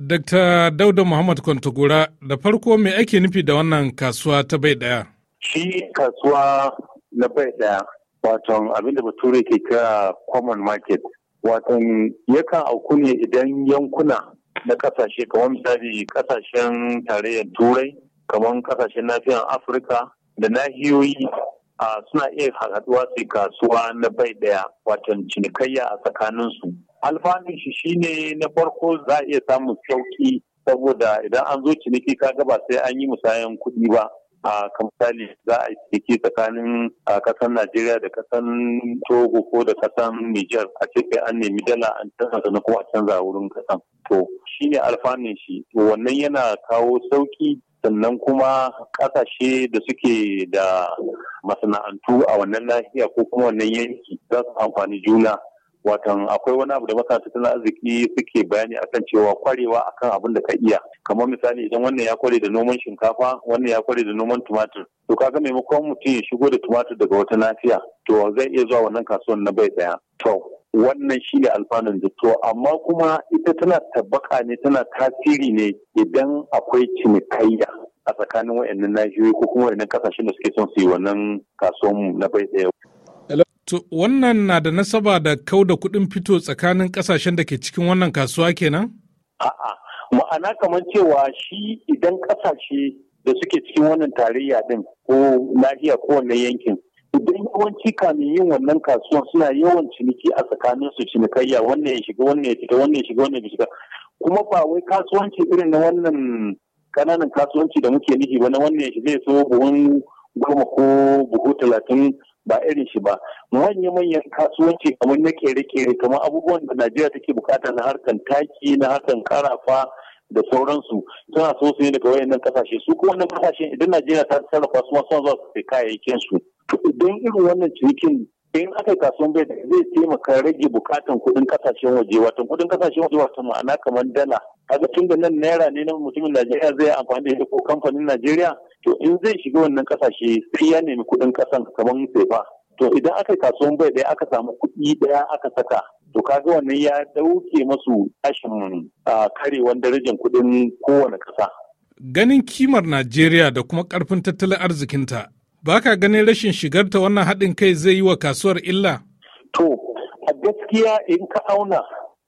Dr. Dauda Muhammad Kwantagora da farko me ake nufi da wannan kasuwa ta bai ɗaya? Shi kasuwa na bai ɗaya, watan abinda bature ke kira common market, waton yakan auku ne idan yankuna na kasashe kamar misali kasashen tarayyar turai, kamar kasashen nafiyar Afirka da nahiyoyi suna iya haɗuwa su kasuwa na bai ɗaya, waton cinikayya a tsakaninsu. alfanun shi shine na farko za a iya samun sauki saboda idan an zo ciniki ka gaba sai an yi musayan kuɗi ba a kamfani za a yi ciniki tsakanin kasan najeriya da kasan togo ko da kasan niger a cikin an nemi dala an canza na kuma a canza wurin kasan to shine alfanun shi wannan yana kawo sauki sannan kuma kasashe da suke da masana'antu a wannan lafiya ko kuma wannan yanki za su amfani juna watan akwai wani abu da masana tattalin arziki suke bayani akan cewa kwarewa akan abin da ka iya kamar misali idan wannan ya kware da noman shinkafa wannan ya kware da noman tumatir to kaga maimakon mutum ya shigo da tumatir daga wata nafiya to zai iya zuwa wannan kasuwan na bai daya to wannan shi ne alfanun to amma kuma ita tana tabbaka ne tana tasiri ne idan akwai cinikayya a tsakanin wayannan nahiyoyi ko kuma wayannan kasashen da suke son su yi wannan kasuwan na bai daya To wannan na da nasaba da kau da kuɗin fito tsakanin ƙasashen da ke cikin wannan kasuwa kenan? A'a, ma'ana kamar cewa shi idan ƙasashe da suke cikin wannan tarayya ɗin ko nahiya ko wannan yankin. Idan yawanci kamin yin wannan kasuwan suna yawan ciniki a tsakanin su cinikayya wannan ya shiga wannan ya fita wannan ya shiga wannan ya shiga. Kuma ba wai kasuwanci irin na wannan kananan kasuwanci da muke nufi ba na wannan ya shiga ya so buhun goma ko buhu talatin ba irin shi ba manya-manyan kasuwanci kamar na kere-kere kamar abubuwan da najeriya take bukata na harkan taki na harkan karafa da sauransu suna so su yi daga wayannan kasashe su kuma wannan kasashe idan najeriya ta sarrafa su ma suna zuwa su kai kayayyakin su idan irin wannan cinikin in aka kasuwan bai zai taimaka rage bukatan kudin kasashen waje watan kudin kasashen waje wato ma'ana kamar dala kaga tun da nan naira ne na mutumin najeriya zai amfani da ko kamfanin najeriya to in zai shiga wannan kasashe sai ya nemi kuɗin kasan kamar sefa to idan aka yi kasuwan bai ɗaya aka samu kuɗi ɗaya aka saka to kaga wannan ya dauke masu tashin karewan darajar kuɗin kowane ƙasa. Ganin kimar Najeriya da kuma ƙarfin tattalin arzikinta, ba ka ganin rashin shigarta wannan haɗin kai zai yi wa kasuwar illa? To, a gaskiya in ka auna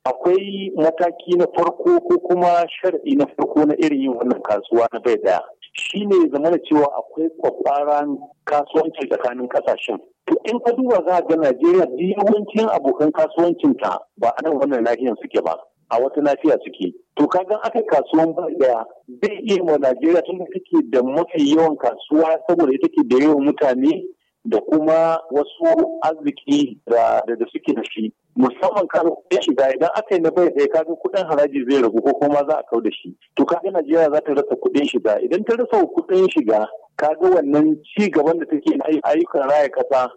akwai mataki na farko ko kuma sharaɗi na farko na irin yin wannan kasuwa na bai ɗaya. Shi ne zama da cewa akwai kwakwaran kasuwanci tsakanin kasashen to in ka duba za ga najeriya yawancin abokan kasuwancinta ba a nan wannan nahiyar suke ba a wata lafiya suke to ka ga aka kasuwan ba daya zai iya ma najeriya tun da take da mafi yawan kasuwa saboda ita ke da yawan mutane da kuma wasu arziki da suke da shi musamman ka kuɗin shiga idan aka yi na bai sai kaga kuɗin haraji zai ragu ko kuma za a kau da shi to kaga najeriya za ta rasa kuɗin shiga idan ta rasa kuɗin shiga kaga wannan ci gaban da take na ayyukan raya kasa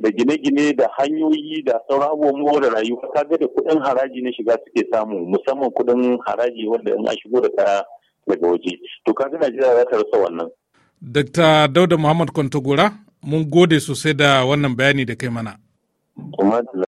da gine-gine da hanyoyi da sauran abubuwan da rayuwa kaga da kuɗin haraji na shiga suke samu musamman kuɗin haraji wanda in an shigo da kaya daga waje to kaga najeriya za ta rasa wannan. Dr. Dauda Muhammad Kwantagora, mun gode sosai da wannan bayani da kai mana.